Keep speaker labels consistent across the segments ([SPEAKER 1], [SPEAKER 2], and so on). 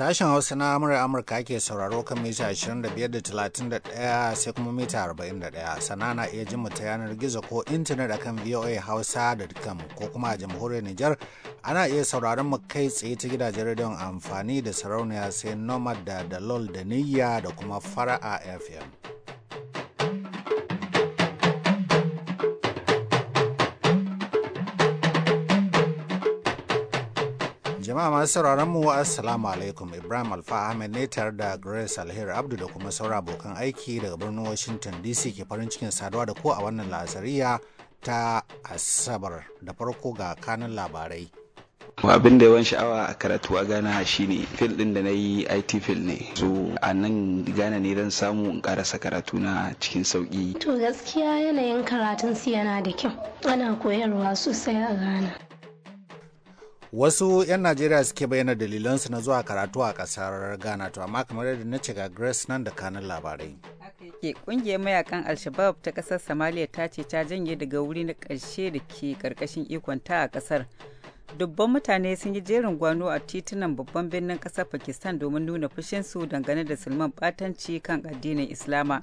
[SPEAKER 1] Sashen Hausa na Amurka Amurka ke sauraro kan mita 25.31 sai kuma mita 41 sana na iya jin ta yanar gizo ko intanet akan VOA dukkan ko kuma a jamhuriyar Nijar ana iya sauraron mu kai tsaye ta gidajen rediyon amfani da sarauniya sai Nomad da Dalol da Niyya da kuma Fara'a FM. Jama'a masu sauraron mu Assalamu alaikum Ibrahim Alfa Ahmed ne tare da Grace Alheri Abdu da kuma saura abokan aiki daga birnin Washington DC ke farin cikin saduwa da ko a wannan lazariya ta Asabar da farko ga kanun labarai.
[SPEAKER 2] abin da yawan sha'awa a karatu a ghana ne fil din da na yi it fil ne so a nan ghana ne zan samu in karasa karatu na cikin sauki
[SPEAKER 3] to gaskiya yanayin karatun su yana da kyau ana koyarwa sosai a ghana
[SPEAKER 1] wasu 'yan najeriya suke bayyana dalilansu na zuwa karatu a kasar ghana to amma kamar yadda na ce ga grace nan da kanun labarai
[SPEAKER 4] ke kungiyar mayakan alshabab ta kasar somalia ta ce ta janye daga wuri na karshe da ke karkashin ikon ta a kasar dubban mutane sun yi jerin gwano a titunan babban birnin kasar pakistan domin nuna fushinsu dangane da sulman batanci kan addinin islama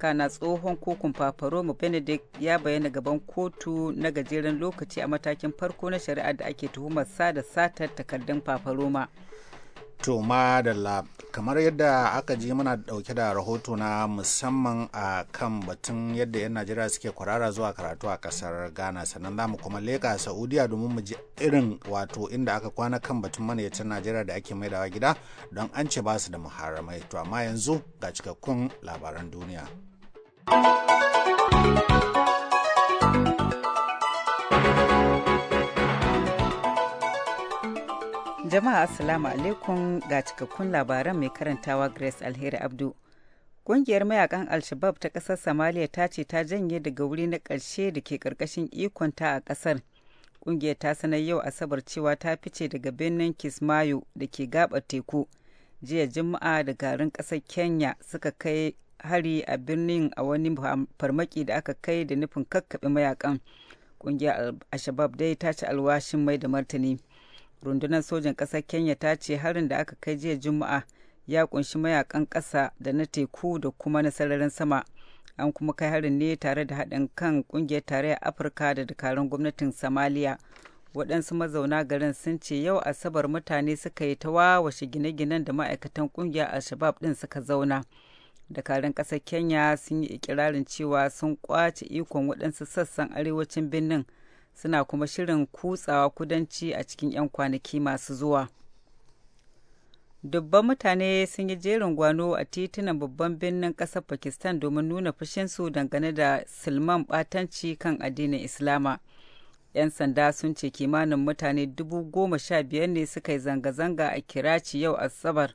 [SPEAKER 4] kana tsohon kokun paparoma benedict ya bayyana gaban kotu na gajeren lokaci a matakin farko na shari'ar da ake tuhumar sada satar takardun paparoma
[SPEAKER 1] to madalla kamar yadda aka ji muna dauke da rahoto na musamman a kan batun yadda 'yan najeriya suke kwarara zuwa karatu a kasar ghana sannan za mu kuma leka saudiya domin mu ji irin wato inda aka kwana kan batun manayacin najeriya da ake maidawa gida don an ce ba su da muharamai to amma yanzu ga cikakkun labaran duniya
[SPEAKER 4] Jama'a Assalamu alaikum ga cikakkun labaran mai karantawa Grace Alheri Abdu. Kungiyar mayakan Alshabab ta ƙasar Somalia ta ce ta janye daga wuri na ƙarshe da ke ƙarƙashin ikonta a ƙasar. Kungiyar ta sanar yau Asabar cewa ta fice daga birnin Kismayo da ke gabar teku. Jiya Juma'a da garin ƙasar Kenya suka kai hari a birnin a wani farmaki da aka kai da nufin kakkaɓe mayakan ƙungiyar al-shabab dai ta ci alwashin mai da martani rundunar sojan ƙasar kenya ta ce harin da aka kai jiya juma'a ya kunshi mayakan ƙasa da na teku da kuma na sararin sama an kuma kai harin ne tare da haɗin kan ƙungiyar tarayyar afirka da dakarun gwamnatin samaliya waɗansu mazauna garin sun ce yau asabar mutane suka yi ta wawashe gine-ginen da ma'aikatan ƙungiyar al-shabab ɗin suka zauna dakarun ƙasar kenya sun yi ikirarin cewa sun kwace ikon waɗansu sassan arewacin birnin suna kuma shirin kutsawa kudanci a cikin 'yan kwanaki masu zuwa dubban mutane sun yi jerin gwano a titunan babban birnin ƙasar pakistan domin nuna fushinsu dangane da silman ɓatanci kan addinin islama 'yan sanda sun ce kimanin mutane dubu goma sha biyar ne suka yi zanga-zanga a kiraci yau asabar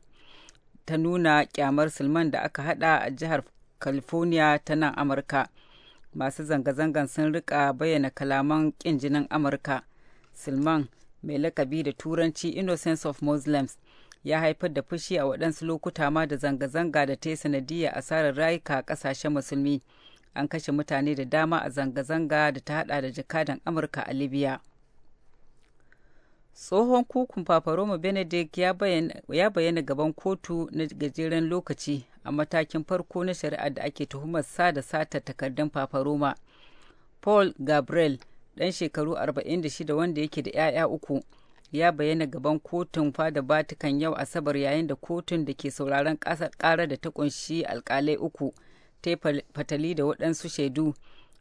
[SPEAKER 4] ta nuna kyamar sulman da aka hada a jihar california ta nan amurka masu zanga-zangan sun rika bayyana kalaman kin jinin amurka sulman mai lakabi da turanci innocence of muslims ya haifar da fushi a waɗansu lokuta ma da zanga-zanga da ta yi sanadiyya asarar rayuka a ƙasashen musulmi an kashe mutane da dama a zanga-zanga da ta hada da jakadan amurka a libya tsohon kukun paparoma benedict ya bayyana gaban kotu na gajeren lokaci a matakin farko na shari'ar da ake tuhumar sa da sata takardun paparoma paul gabriel ɗan shekaru 46 wanda yake da 'ya'ya uku ya bayyana gaban kotun fada batikan yau asabar yayin da kotun da ke sauraron ƙara da ta kunshi alkalai uku ta fatali da waɗansu shaidu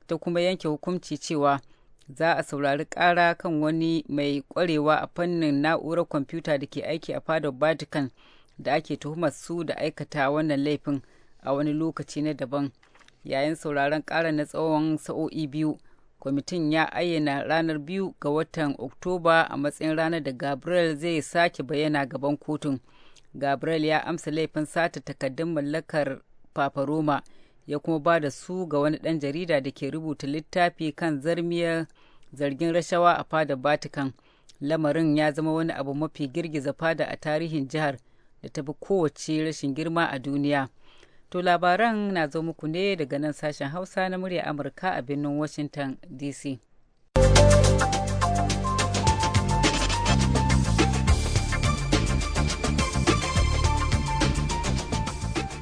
[SPEAKER 4] ta kuma yanke hukunci cewa za a saurari ƙara kan wani mai ƙwarewa a fannin na'urar kwamfuta da ke aiki a fadar Vatican da ake tuhumar su da aikata wannan laifin a wani lokaci na daban. Yayin sauraron ƙara na tsawon sa'o'i biyu, kwamitin ya ayyana ranar biyu ga watan Oktoba a matsayin ranar da Gabriel zai sake bayyana gaban kotun. Gabriel ya amsa laifin sata takaddun mallakar fafaroma. ya kuma ba da su ga wani ɗan jarida da ke rubuta littafi kan zarmiyar zargin rashawa a fada Vatican. Lamarin ya zama wani abu mafi girgiza fada a tarihin jihar da ta tafi kowace rashin girma a duniya. To labaran na zo muku ne daga nan sashen Hausa na murya Amurka a birnin Washington DC.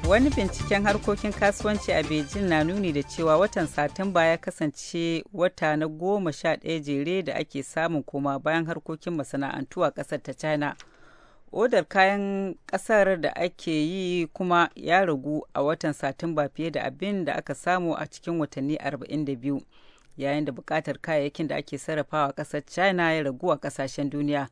[SPEAKER 4] wani binciken harkokin kasuwanci a beijing na nuni da cewa watan satumba ya kasance wata na goma sha ɗaya jere da ake samun koma bayan harkokin masana'antu a ƙasar ta china odar kayan ƙasar da ake yi kuma ya ragu a watan satumba fiye da abin da aka samu a cikin watanni 42 yayin da buƙatar kayayyakin da ake sarrafawa ƙasar china ya ragu a ƙasashen duniya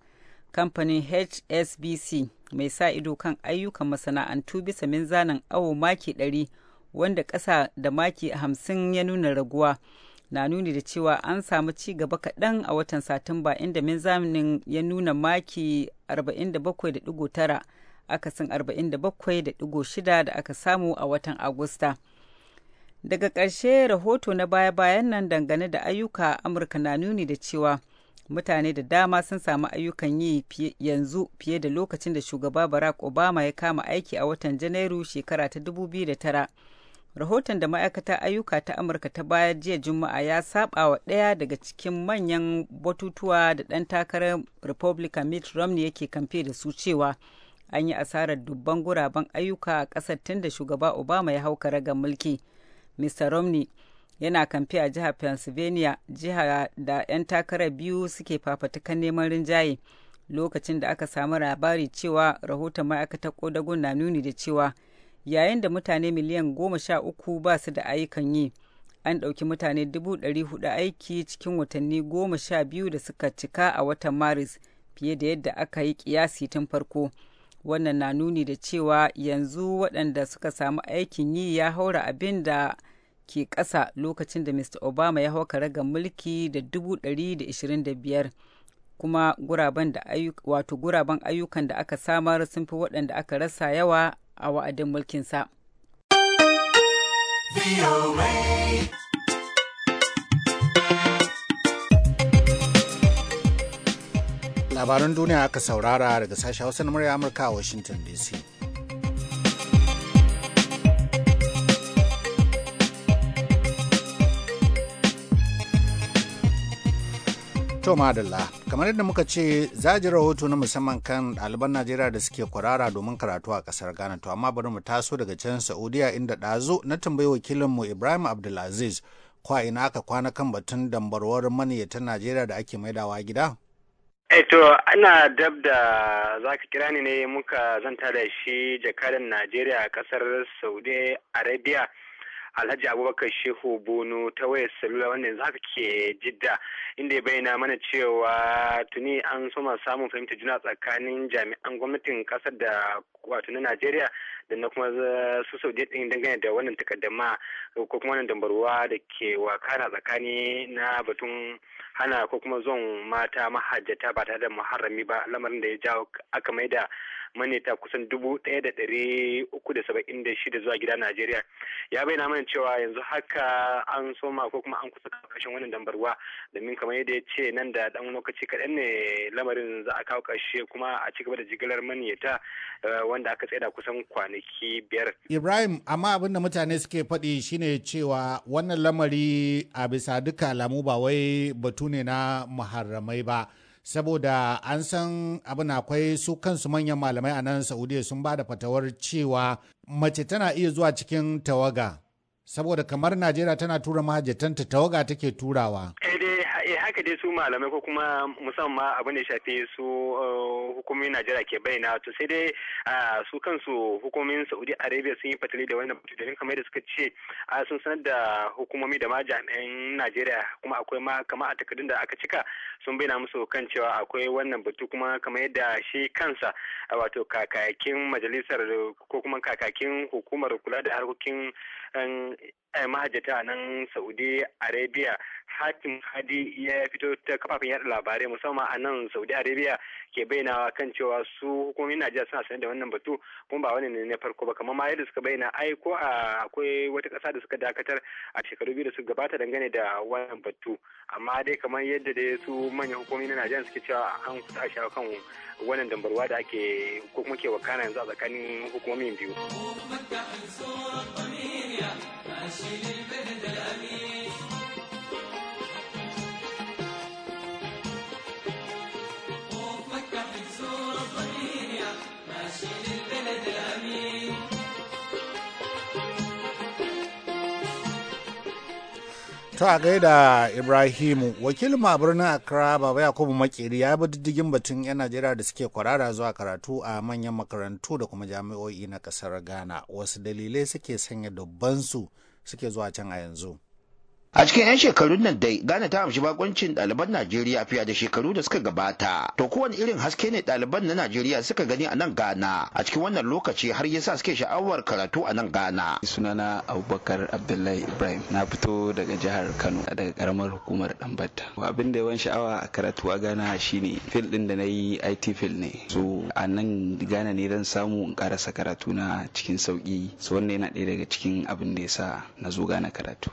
[SPEAKER 4] kamfanin hsbc mai sa ido kan ayyukan masana'antu bisa minzanin awo maki ɗari wanda ƙasa da maki hamsin ya nuna raguwa na nuni da cewa an samu ci gaba kaɗan a watan satumba inda minzamin ya nuna maki 47.9 akasin 47.6 da aka samu a watan agusta daga ƙarshe rahoto na baya-bayan nan dangane da ayyuka amurka na nuni da cewa mutane da dama sun samu ayyukan yi yanzu fiye da lokacin da shugaba barack obama ya kama aiki a watan janairu shekara ta 2009 rahoton da ma'aikatar ayyuka ta amurka ta bayar jiya juma'a ya saba wa ɗaya daga cikin manyan batutuwa da ɗan takarar republican mitt romney yake kamfe da su cewa an yi asarar dubban guraben ayyuka a ƙasar tun da shugaba obama ya hau ga mulki mr romney yana kamfe a jihar pennsylvania jiha da 'yan takara biyu suke fafatukan neman rinjaye lokacin da aka samu labari cewa rahoton ma'aikatar kodagun na nuni da cewa yayin da mutane miliyan goma sha uku ba su da ayyukan yi an ɗauki mutane dubu ɗari hudu aiki cikin watanni goma sha biyu da suka cika a watan maris fiye da yadda aka yi kiyasi tun farko wannan na nuni da cewa yanzu waɗanda suka samu aikin yi ya haura abin da ke ƙasa lokacin da Mr. Obama ya hau karagar mulki da 125 kuma guraben da wato guraben ayyukan da aka samar sun fi waɗanda aka rasa yawa a wa'adin mulkinsa.
[SPEAKER 1] Labaran duniya aka saurara daga sashen Hausa na murya Amurka a Washington DC. To madalla, kamar yadda muka ce za ji rahoto na musamman kan ɗaliban Najeriya da suke kwarara domin karatu a kasar Ghana to amma bari mu taso daga can Saudiya inda ɗazu na tambayi wakilin mu Ibrahim Abdulaziz kwa ina aka kwana kan batun dambarwar maniyyatan Najeriya da ake maidawa gida?
[SPEAKER 5] Eh, to ana dab da za ka kira ni ne muka zanta da shi jakadan Najeriya a ƙasar Saudi Arabia alhaji abubakar shehu bono ta wayar salula wanda yanzu haka ke jidda inda ya bayyana mana cewa tuni an soma samun fahimtar juna tsakanin jami'an gwamnatin kasar da wato na najeriya da na kuma su saudiya din dangane da wannan takaddama ko kuma wannan dambarwa da ke wakana tsakani na batun hana ko kuma zon mata mahajjata ba tare da muharrami ba lamarin da ya jawo aka maida maneta kusan dubu ɗaya da ɗari uku da saba'in da shida zuwa gida Najeriya. Ya bayyana mana cewa yanzu haka an soma ko kuma an kusa ƙarshen wannan dambarwa domin kamar yadda ya ce nan da ɗan lokaci kaɗan ne lamarin za a kawo ƙarshe kuma a ci gaba da jigilar maneta eh, wanda aka tsaida kusan kwanaki biyar.
[SPEAKER 1] Ibrahim amma abin da mutane suke faɗi shine cewa wannan lamari a bisa duka alamu ba wai batu ne na muharramai ba. saboda an san abin akwai su kansu manyan malamai a nan saudiya sun ba da fatawar cewa mace tana iya zuwa cikin tawaga saboda kamar najeriya tana tura mahajjatanta tawaga take turawa
[SPEAKER 5] eh eh haka dai su malamai ko kuma musamman abin da shafi su eh, hukumomin Najeriya ke bayyana to sai dai su kansu hukumomin Saudi Arabia sun yi fatali da wannan batutuwan kamar da suka ce sun sanar da hukumomi da ma jami'an Najeriya kuma akwai ma kamar a takardun da aka cika sun bayyana musu kan cewa akwai wannan batu kuma kamar yadda shi kansa wato kakakin majalisar ko kuma kakakin hukumar kula da harkokin eh, Eh, mahajjata a nan saudi arabia hakim hadi ya fito ta kafafen yada labarai musamman a nan saudi arabia ke bayyana kan cewa su hukumomin najeriya suna sanar da wannan batu kuma ba wani ne na farko ba kamar ma yadda suka bayyana ai ko akwai wata kasa da suka dakatar a shekaru biyu da suka gabata dangane da wannan batu amma dai kamar yadda dai su manyan hukumomi na najeriya suke cewa an kusa a shawo kan wannan dambarwa da ake ko kuma ke wakana yanzu a tsakanin hukumomin biyu.
[SPEAKER 6] you.
[SPEAKER 1] ta a gaida Ibrahimu, wakilin a birnin akra Baba Yakubu Makeri ya bi diddigin batun 'yan Najeriya da suke kwarara zuwa karatu a manyan makarantu da kuma jami'o'i na kasar Ghana. Wasu dalilai suke sanya dubban su suke zuwa can a yanzu.
[SPEAKER 2] A cikin 'yan shekarun nan dai Ghana ta amshi bakoncin ɗaliban Najeriya fiye da shekaru da suka gabata. To kowane irin haske ne ɗaliban na Najeriya suka gani a nan Ghana a cikin wannan lokaci har sa suke sha'awar karatu a nan Ghana. Sunana Abubakar Abdullahi Ibrahim na fito daga jihar Kano daga karamar hukumar Dambatta. Abin da yawan sha'awa a karatu a Ghana shine fil ɗin da na yi IT fil ne. So a nan Ghana ne zan samu in karasa karatu na cikin sauki. So wannan yana ɗaya daga cikin abin da ya sa na zo Ghana karatu.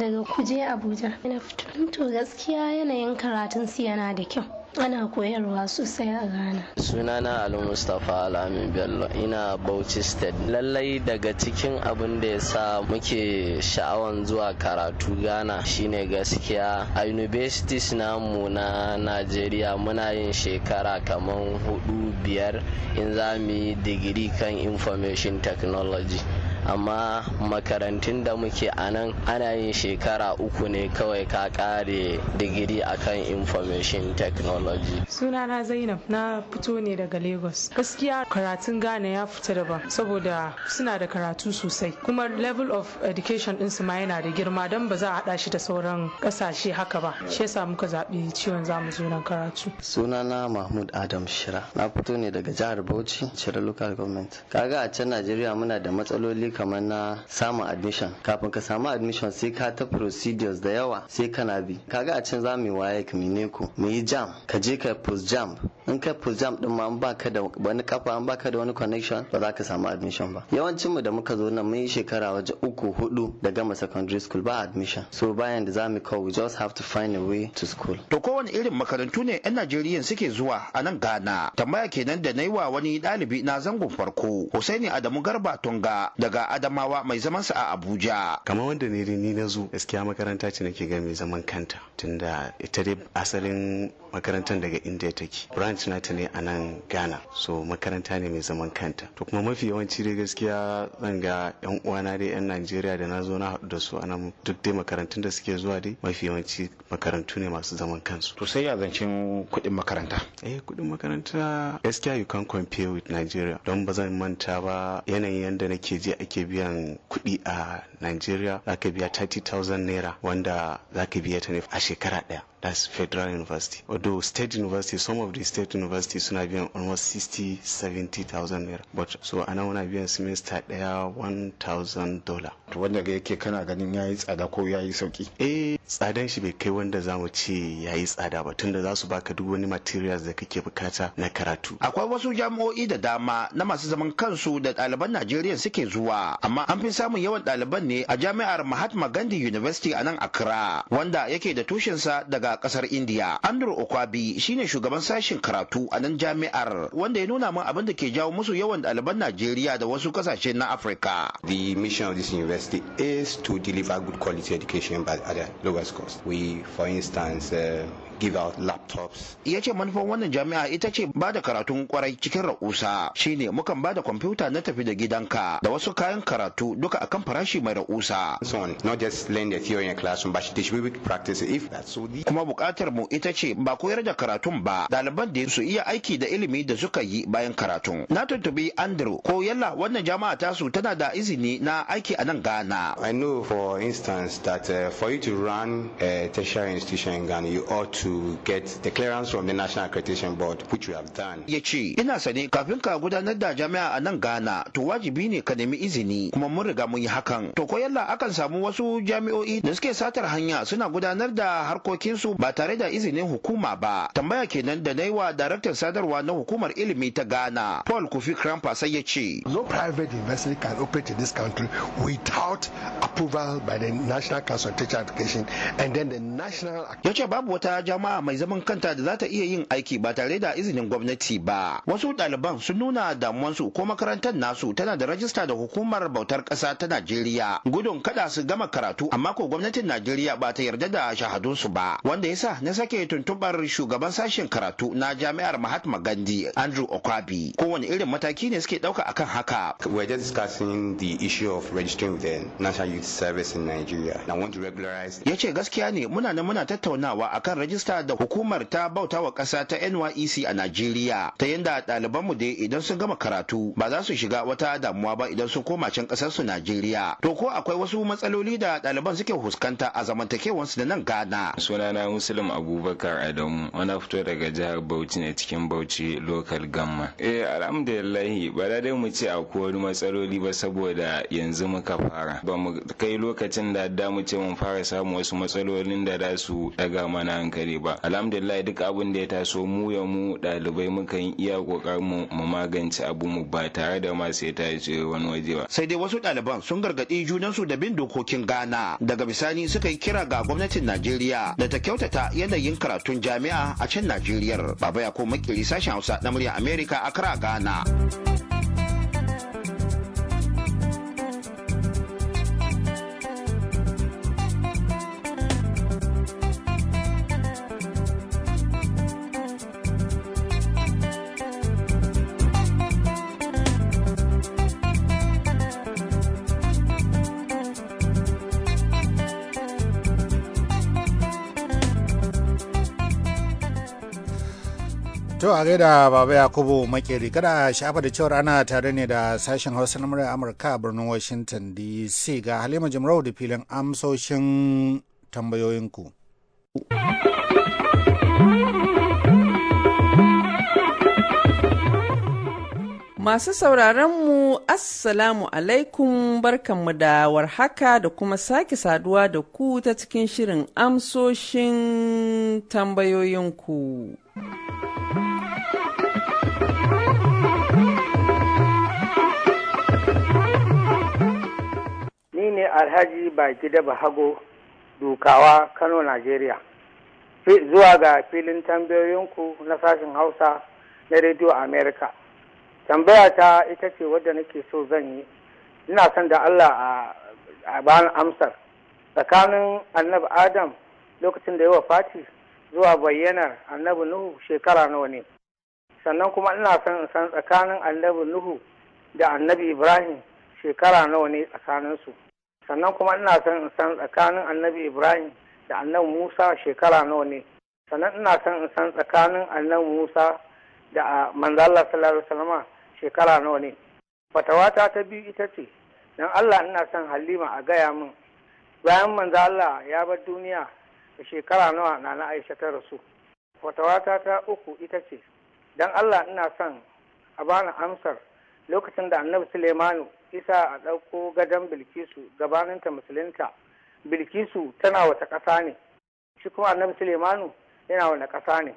[SPEAKER 3] daga kuje abuja ina fito gaskiya yanayin karatun su yana da kyau ana koyarwa sosai a ghana
[SPEAKER 2] sunana ali mustapha alamin bello ina bauchi state lallai daga cikin abin da ya sa muke sha'awan zuwa karatu ghana shine gaskiya a universities namu na nigeria muna yin shekara kamar hudu biyar in za mu yi digiri kan information technology amma makarantun da muke a nan ana yin shekara uku ne kawai ka kare digiri akan information technology
[SPEAKER 6] sunana zainab na fito ne daga lagos gaskiya karatun ghana ya fita ba saboda suna da karatu sosai kuma level of education ɗinsu ma yana da girma don ba za a haɗa shi da sauran kasashe haka ba shi yasa muka zaɓi ciwon zamu zo nan karatu
[SPEAKER 7] sunana mahmud adam shira na fito ne daga jihar bauchi cire local government kaga a can najeriya muna da matsaloli kamar na samun admission kafin ka samu admission sai ka ta procedures da yawa sai kana bi kaga a can za mu waye ka mine ku mu yi jam ka je ka post jam in ka post jam din ma an baka da wani kafa an baka da wani connection ba za ka samu admission ba yawancin mu da muka zo nan mun yi shekara waje uku hudu da gama secondary school ba admission so bayan da za mu
[SPEAKER 2] kawo we just have to find a way to school to kowane irin makarantu ne yan Najeriya suke zuwa a nan Ghana tambaya kenan da na yi wa wani ɗalibi na zangon farko Hussaini Adamu Garba Tunga
[SPEAKER 3] daga Adamawa mai zaman sa a Abuja. Kamar wanda ne ni na zo gaskiya makaranta ce nake ga mai zaman kanta tunda ita dai asalin makarantar daga India take. Branch nata ne a nan Ghana. So makaranta ne mai zaman kanta. To kuma mafi yawanci dai gaskiya zan ga yan uwana dai yan Najeriya da na zo na haɗu da su a nan duk dai makarantun da suke zuwa dai mafi yawanci makarantu ne masu zaman kansu. To sai ya zancen kuɗin makaranta. Eh kuɗin makaranta gaskiya you can compare with Nigeria don ba zan manta ba yanayin yadda nake je ake biyan kuɗi a Nigeria za ka biya 30,000 naira wanda za ka biya ta ne a shekara ɗaya. That's Federal University. Although state university, some of the state universities suna biyan almost 60, 70,000 naira. But so ana wana biyan semester ɗaya 1,000 dollar. Wanda ga yake kana ganin yayi tsada ko yayi sauki? Eh, tsadan shi bai kai wanda za mu ce yayi tsada ba tunda za su baka duk wani materials da kake bukata na karatu.
[SPEAKER 2] Akwai wasu jami'o'i da dama na masu zaman kansu da ɗaliban Najeriya suke zuwa, amma an fi samun yawan ɗaliban ne a jami'ar Mahatma Gandhi University a nan Accra wanda yake da tushensa daga kasar India. Andrew Okwabi shine shugaban sashen karatu a nan jami'ar wanda ya nuna min abin da ke jawo musu yawan ɗaliban Najeriya da wasu ƙasashe na Afirka. The mission of this university is to deliver good quality education but at the lowest cost. We for instance uh, give out laptops. Ya ce manufar wannan jami'a ita ce ba da karatun kwarai cikin ra'usa shine mukan ba da kwamfuta na tafi da gidanka da wasu kayan karatu duka akan farashi mai ra'usa. Kuma bukatar mu ita ce ba koyar da karatun ba ɗaliban da su iya aiki da ilimi da suka yi bayan karatun. Na tuntubi Andrew ko yalla wannan jama'a tasu tana da izini na aiki a nan Ghana. I know for instance that uh, for you to run a tertiary institution in Ghana you ought to to get the clearance from the National Accreditation Board, which we have done. Ya ce, ina sani kafin ka gudanar da jami'a a nan Ghana, to wajibi ne ka nemi izini kuma mun riga mun yi hakan. To ko yalla akan samu wasu jami'o'i da suke satar hanya suna gudanar da harkokinsu ba tare da izinin hukuma ba. Tambaya kenan da naiwa daraktan sadarwa na hukumar ilimi ta Ghana, Paul Kofi Krampa sai ya ce. No private university can operate in this country without approval by the National Council Education and then
[SPEAKER 1] the National.
[SPEAKER 2] Ya ce babu wata dama mai zaman kanta da za ta iya yin aiki ba tare da izinin gwamnati ba wasu ɗaliban sun nuna damuwansu ko makarantar nasu tana da rajista da hukumar bautar ƙasa ta najeriya gudun kada su gama karatu amma ko gwamnatin najeriya ba ta yarda da shahadunsu ba wanda yasa na sake tuntubar shugaban sashen karatu na jami'ar mahatma gandhi andrew okwabi kowane irin mataki ne suke ɗauka akan haka we're just discussing the issue of registering with the youth service in nigeria and i want to regularize ya ce gaskiya ne muna nan muna tattaunawa akan rajista rajista da hukumar ta bauta wa ƙasa ta NYEC a Najeriya ta yadda ɗalibanmu dai idan sun gama karatu ba za su shiga wata damuwa ba idan sun koma can ƙasarsu su Najeriya. To ko akwai wasu matsaloli da ɗaliban suke fuskanta a zamantakewansu da nan Ghana. Sunana Muslim Abubakar Adamu wani fito daga jihar Bauchi ne cikin Bauchi local gamma. Eh alhamdulillah ba dai mu ce akwai wani matsaloli ba saboda yanzu muka fara ba mu kai lokacin da da mu ce mun fara samun wasu matsalolin da za su daga mana hankali ba alhamdulillah duk abin da ya taso mu ya mu dalibai muka yi iya kokarin mu mu magance abu mu ba tare da ma sai ta ce wani waje ba sai dai wasu ɗaliban sun gargaɗi su da bin dokokin Ghana daga bisani suka yi kira ga gwamnatin Najeriya da ta kyautata yanayin karatun jami'a a can Najeriya Baba ya ko Makiri sashen Hausa na murya Amerika kara Ghana
[SPEAKER 1] a gaida Baba Yakubu Makeri kada shafa da cewar ana tare ne da sashen Hausa na murya Amurka birnin Washington DC ga Halima Jimrau da filin amsoshin tambayoyinku.
[SPEAKER 6] Masu sauraronmu, Assalamu alaikum barkanmu da warhaka da kuma sake saduwa da ku ta cikin shirin amsoshin tambayoyinku.
[SPEAKER 8] alhaji bagida hago dukawa kano nigeria zuwa ga filin tambayoyinku na sashen hausa na radio america tambaya ta ita ce wadda nake so zan yi ina son da allah a bayan amsar tsakanin annabi adam lokacin da ya Fati zuwa bayyanar annabi nuhu shekara nawa ne sannan kuma ina son san tsakanin annabi nuhu da annabi ibrahim shekara nawa ne tsakaninsu sannan kuma ina son in san tsakanin annabi ibrahim da annabi musa shekara nawa ne sannan ina son in san tsakanin annabi musa da a ah, manzala sallallahu shekara nawa ne fatawata ta biyu ita ce don Allah ina son Halima a gaya min bayan Manzala Allah ya bar duniya da shekara nawa na na Aisha ta rasu fatawata ta uku ita ce don Allah ina son a bani amsar lokacin da annabi suleimanu isa a ɗauko gadon bilkisu gabaninta musulunta bilkisu tana wata ƙasa ne shi kuma annabi suleimanu yana wani ƙasa ne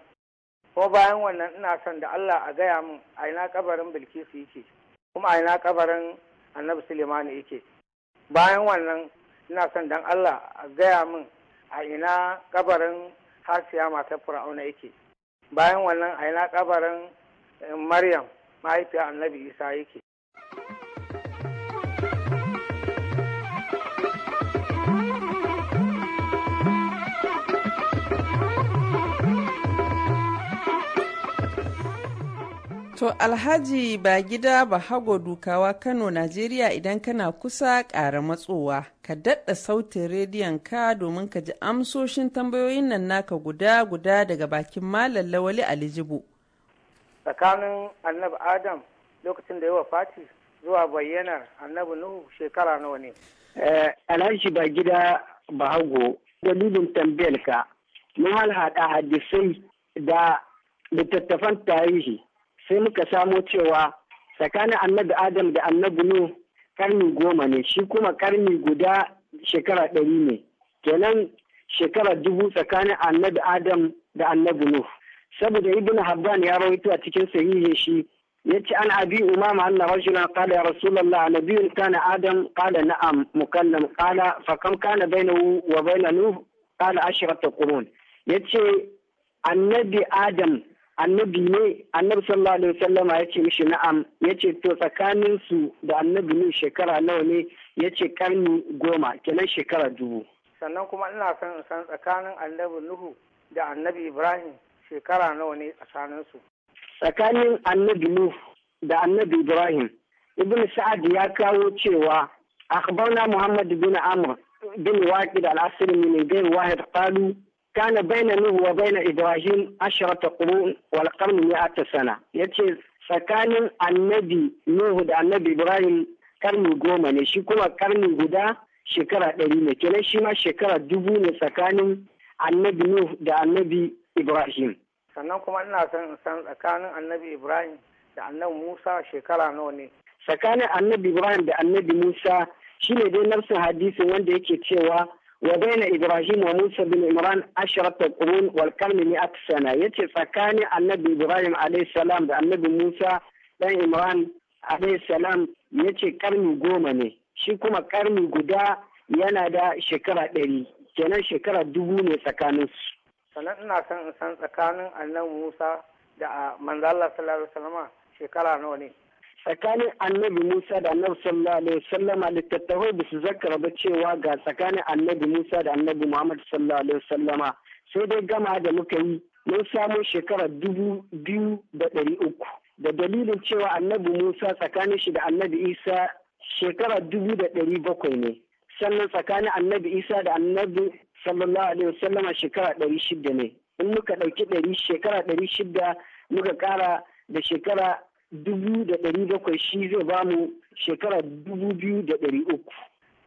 [SPEAKER 8] kuma bayan wannan ina son da allah a gaya min a ina kabarin bilkisu yake kuma a ina kabarin annabi suleimanu yake bayan wannan ina son dan allah a gaya min a ina kabarin hasiya matar fir'auna yake bayan wannan a ina kabarin eh, maryam mahaifiyar annabi isa yake
[SPEAKER 6] To Alhaji ba gida ba hago dukawa Kano, Najeriya idan kana kusa ƙara matsowa, ka daɗa sautin rediyon ka domin ka ji amsoshin tambayoyin nan naka guda guda daga bakin Malam Lawali Alijibu.
[SPEAKER 8] tsakanin annabi adam lokacin da ya wa fati zuwa bayyanar annabi nuhu shekara nawa ne
[SPEAKER 7] eh, alhaji ba gida ba hago dalilin tambayar ka mun hadisai da littattafan tarihi sai muka samo cewa tsakanin annabi adam da annabi nuhu karni goma ne shi kuma karni guda shekara ɗari ne kenan shekara dubu tsakanin annabi adam da annabi nuhu saboda ibn habban ya rawaito a cikin sahihin shi yace an abi umama na rajulan qala ya rasulullah nabiyun kana adam qala na'am mukallam qala fa kam kana bainahu wa baina nuh qala ashrata qurun yace annabi adam annabi ne annabi sallallahu alaihi wasallam ya mishi na'am yace to tsakanin su da annabi ne shekara nawa ne ya karni goma kenan shekara dubu
[SPEAKER 8] sannan kuma ina son san tsakanin annabi nuhu da annabi ibrahim shekara nawa ne su.
[SPEAKER 7] tsakanin annabi nuh da annabi ibrahim ibn sa'ad ya kawo cewa akhbarna muhammadu bin amr bin waqid al-asri min ghayr wahid baina ibrahim ashirar ta kuru إبراهيم karni ne ta sana. Ya ce tsakanin annabi Nuh da annabi Ibrahim karni goma ne shi kuma karni guda shekara ɗari ne kenan shi ma shekara dubu ne tsakanin annabi Nuh da annabi Ibrahim
[SPEAKER 8] sannan kuma ina son san tsakanin annabi ibrahim da annabi musa shekara nawa ne
[SPEAKER 7] tsakanin annabi ibrahim da annabi musa shine dai nafsin hadisin wanda yake cewa wa ibrahim wa musa bin imran asharata qurun wal kalmi ni Ya yace tsakanin annabi ibrahim alayhi salam da annabi musa dan imran alayhi salam yace karni goma ne shi kuma karni guda yana da shekara ɗari kenan shekara dubu ne tsakaninsu
[SPEAKER 8] sannan ina son in san tsakanin annabi musa da ah, manzala sallallahu alaihi shekara nawa ne
[SPEAKER 7] tsakanin annabi musa da annabi sallallahu alaihi wasallama littattafai ba su zakara ba cewa ga tsakanin annabi musa da annabi muhammad sallallahu alaihi wasallama sai dai gama da muka yi mun samu shekara dubu biyu da ɗari uku da dalilin cewa annabi musa tsakanin shi da annabi isa shekara dubu da ɗari bakwai ne sannan tsakanin annabi isa da annabi sallallahu alaihi wasallama shekara ɗari shida ne in muka ɗauki ɗari shekara ɗari shida muka ƙara da shekara dubu da ɗari bakwai shi zai ba mu shekara dubu biyu da ɗari uku.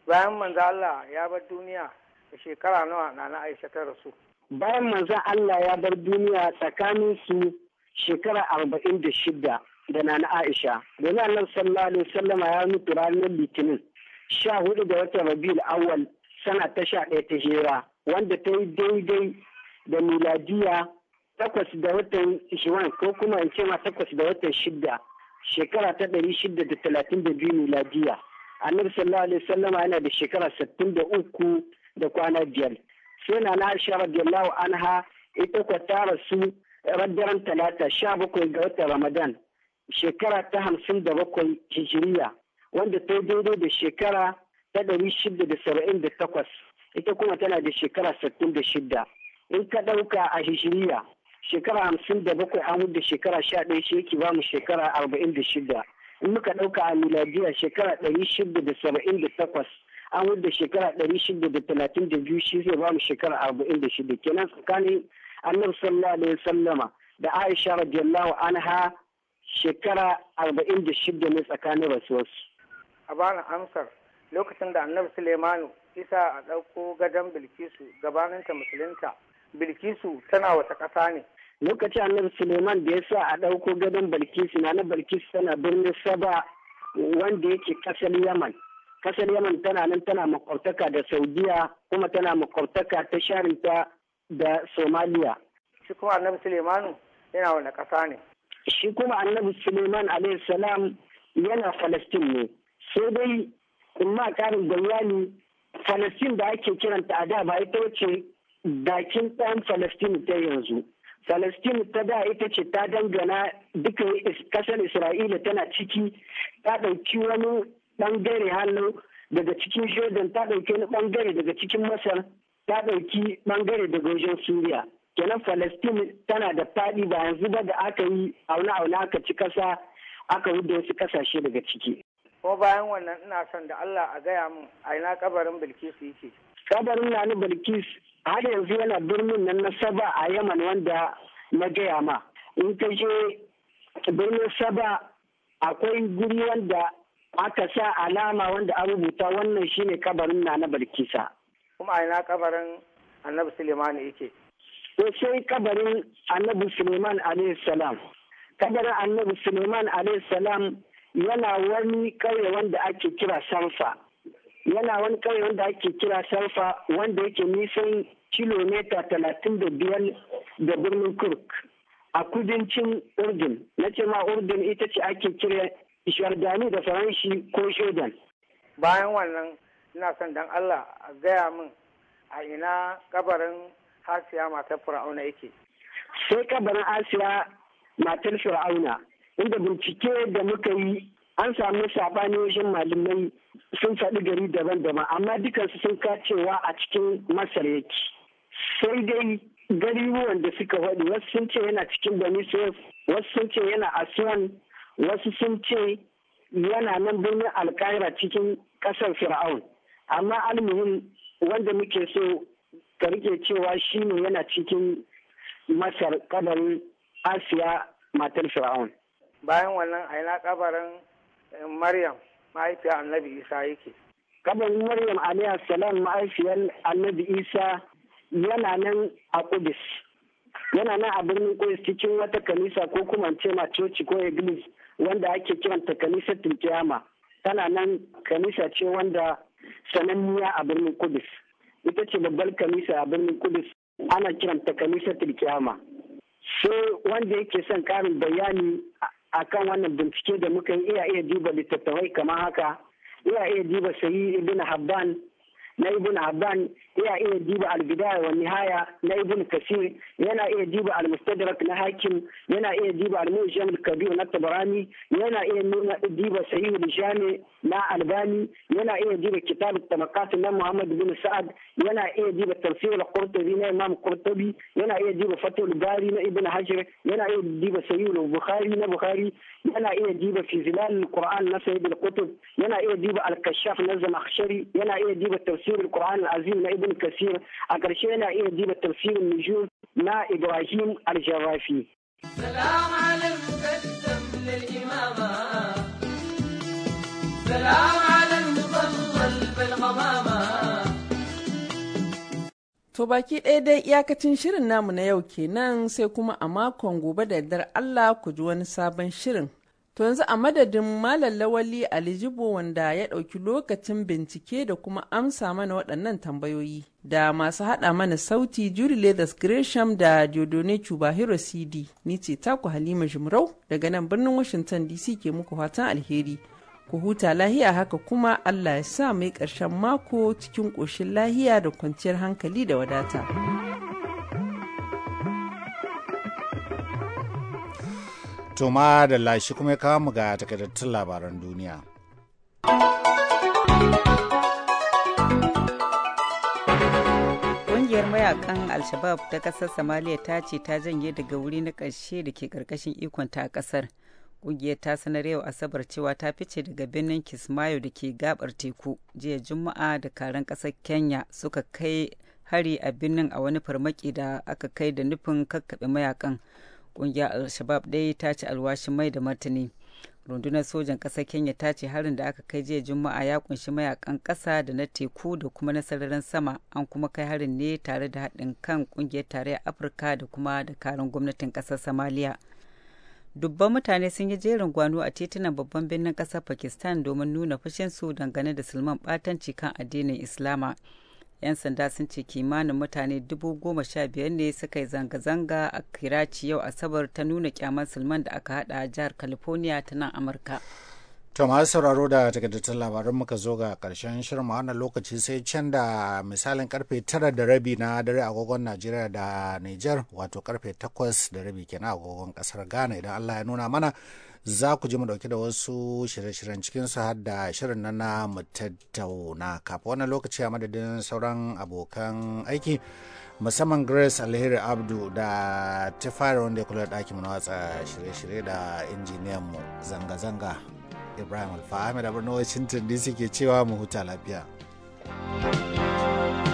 [SPEAKER 8] Bayan manzo Allah ya bar duniya da shekara nawa na na Aisha ta rasu.
[SPEAKER 7] Bayan manzo Allah ya bar duniya tsakanin su shekara arba'in da shida da na na Aisha. Domin Allah sallallahu alaihi wasallama ya mutu ranar Litinin sha hudu da watan Rabiul Awwal sana ta sha ɗaya ta hira wanda ta yi daidai da miladiya takwas da watan shiwan ko kuma in ce ma takwas da watan shidda shekara ta ɗari shidda da talatin da biyu miladiya annabi sallallahu alaihi wasallama yana da shekara sittin da uku da kwana biyar sai na na aisha radiyallahu anha ita kwa ta rasu daren talata sha bakwai ga watan ramadan shekara ta hamsin da bakwai hijiriya wanda ta daidai da shekara ta ɗari shida da saba'in da takwas ita kuma tana da shekara sittin da shida in ka ɗauka a hijiriya shekara hamsin da bakwai an da shekara sha ɗaya shi yake ba mu shekara arba'in da shida in muka ɗauka a miladiya shekara ɗari shida da saba'in da takwas an da shekara ɗari shida da talatin da biyu shi zai ba mu shekara arba'in da shida kenan tsakanin annabi sallallahu alaihi sallama da aisha radiyallahu anha shekara arba'in da shida ne tsakanin rasuwarsu.
[SPEAKER 8] a bani amsar lokacin da annabi suleimanu isa a ɗauko gadon bilkisu gabaninta musulunta
[SPEAKER 7] bilkisu tana wata ƙasa ne lokacin annabi suleiman da ya sa a ɗauko gadon bilkisu na na bilkisu tana birnin saba wanda yake ƙasar yaman ƙasar yaman tana nan tana makwabtaka da saudiya kuma tana makwabtaka ta sharinta da somaliya shi kuma annabi suleimanu yana wani ƙasa ne shi kuma annabi suleiman alaihi salam yana falastin ne sai dai in ma karin bayani falastin da ake kiranta a da ba ita wace bakin ɗan falastin ta yanzu falastin ta da ita ce ta dangana duka kasar isra'ila tana ciki ta ɗauki wani ɓangare hannu daga cikin jordan ta ɗauki wani ɓangare daga cikin masar ta ɗauki ɓangare daga wajen suriya kenan falastin tana da faɗi ba yanzu ba da aka yi auna-auna aka ci ƙasa aka da wasu ƙasashe daga ciki
[SPEAKER 8] ko bayan wannan ina son da Allah a gaya min a ina kabarin Bilkisu yake
[SPEAKER 7] kabarin Nani Bilkis har yanzu yana birnin nan na Saba a Yaman wanda na gaya ma in ka je birnin Saba akwai guri wanda aka sa alama wanda an rubuta wannan shine kabarin na na Bilkisa
[SPEAKER 8] kuma a ina kabarin Annabi Suleiman
[SPEAKER 7] yake to sai kabarin Annabi Suleiman alayhis salam kabarin Annabi Suleiman alayhis salam yana wani ƙauye wanda ake kira salfa yana wani ƙauye wanda ake kira salfa wanda yake nisan kilomita talatin da biyar da birnin kurk a kudancin urdun na ce ma urdun ita ce ake kira shardani da faranshi ko shodan bayan wannan
[SPEAKER 8] ina son dan allah a gaya min a ina kabarin hasiya matar fir'auna yake
[SPEAKER 7] sai kabarin asiya matar fir'auna inda bincike da muka yi an samu sabani wajen malamai sun faɗi gari daban-daban amma dukansu sun kacewa a cikin masar yake sai dai garibuwan da suka faɗi wasu sun ce yana cikin damascus wasu sun ce yana asuwan wasu sun ce yana nan birnin alkaira cikin ƙasar fir'aun amma almuhim wanda muke so ka rike cewa shine yana cikin masar kadarin asiya matar fir'aun
[SPEAKER 8] bayan wannan a na kabarin eh, maryam mahaifiyar annabi isa yake
[SPEAKER 7] kabarin maryam alayhi salam mahaifiyar annabi isa yana nan a kudus yana nan a birnin kudus cikin wata kanisa ko kuma ce ma coci ko iglis wanda ake kiranta kanisar tilkiyama tana nan kanisa ce wanda sananniya a birnin kudus ita ce babbar kanisa a birnin kudus ana kiranta kanisar tilkiyama sai wanda yake son karin bayani akan wannan bincike da muka yi iya iya duba littattafai kamar haka iya iya duba sayi ibn habban na ibn habban يا إيه ديب على البداية والنهاية لا لابن كثير ينا إيه ديب على المستدرك نهاكم ينا إيه ديب على الموجم الكبير نتبراني ينا إيه ديب سعيد الجامع مع الباني ينا إيه ديب كتاب الطبقات من محمد بن سعد ينا إيه ديب التفسير القرطبي إمام القرطبي ينا إيه ديب فتح الباري ابن حجر ينا إيه ديب سعيد البخاري البخاري ينا إيه ديب في زلال القرآن نفسه بالكتب ينا إيه ديب على الكشاف نزل أخشري ينا إيه ديب التفسير القرآن العظيم ابن ibn kasir a ƙarshe yana iya diba tafsirin nujum na ibrahim al-jarrafi
[SPEAKER 6] To baki ɗaya dai iyakacin shirin namu na yau kenan sai kuma a makon gobe da yardar Allah ku ji wani sabon shirin To yanzu a madadin Malam Lawali alijibo wanda ya ɗauki lokacin bincike da kuma amsa mana waɗannan tambayoyi da masu haɗa mana sauti Julie Leathers Gresham da Diodone Chubahiro CD ni ce taku Halima Jimrau daga nan birnin Washington DC ke muku fatan alheri. Ku huta lahiya haka kuma Allah ya sa mai ƙarshen mako cikin ƙoshin lahiya da kwanciyar hankali da wadata.
[SPEAKER 1] Tuma da lashi kuma ya kawo mu ga takardattun labaran duniya.
[SPEAKER 4] Ƙungiyar mayakan Alshabab ta ƙasar Somalia ta ce ta janye daga wuri na ƙarshe da ke ƙarƙashin ikonta a ƙasar. Ƙungiyar ta sanar yau Asabar cewa ta fice daga birnin Kismayo da ke gabar teku jiya Juma'a da karen ƙasar Kenya suka kai hari a birnin a wani farmaki da aka kai da nufin kakkaɓe mayakan. ƙungiyar al-shabab dai ta ci alwashin mai da martani rundunar sojan ƙasar kenya ta ce harin da aka kai jiya juma'a ya kunshi mayakan ƙasa da na teku da kuma na sararin sama an kuma kai harin ne tare da haɗin kan ƙungiyar tarayyar afirka da kuma karin gwamnatin ƙasar samaliya dubban mutane sun yi jerin gwano a titunan babban birnin ƙasar pakistan domin nuna fushinsu dangane da sulman ɓatanci kan addinin islama 'yan sanda sun ce kimanin mutane dubu goma sha biyar ne suka yi zanga-zanga a kiraci yau asabar ta nuna kyaman sulman da aka hada a jihar california ta nan amurka
[SPEAKER 1] to masu sauraro da takaddatar labaran muka zo ga karshen shirin wannan lokaci sai can da misalin karfe tara da rabi na dare agogon najeriya da niger wato karfe takwas da rabi kenan agogon kasar ghana idan allah ya nuna mana za ku ji mu dauke da wasu shirye-shiryen cikin su har da shirin na na mu tattauna kafin wannan lokaci a madadin sauran abokan aiki musamman grace alheri abdu da fara wanda ya kula da ɗakin na watsa shirye-shirye da injiniyan mu zanga-zanga ibrahim alfa ahmed a birnin washington dc ke cewa mu huta lafiya thank you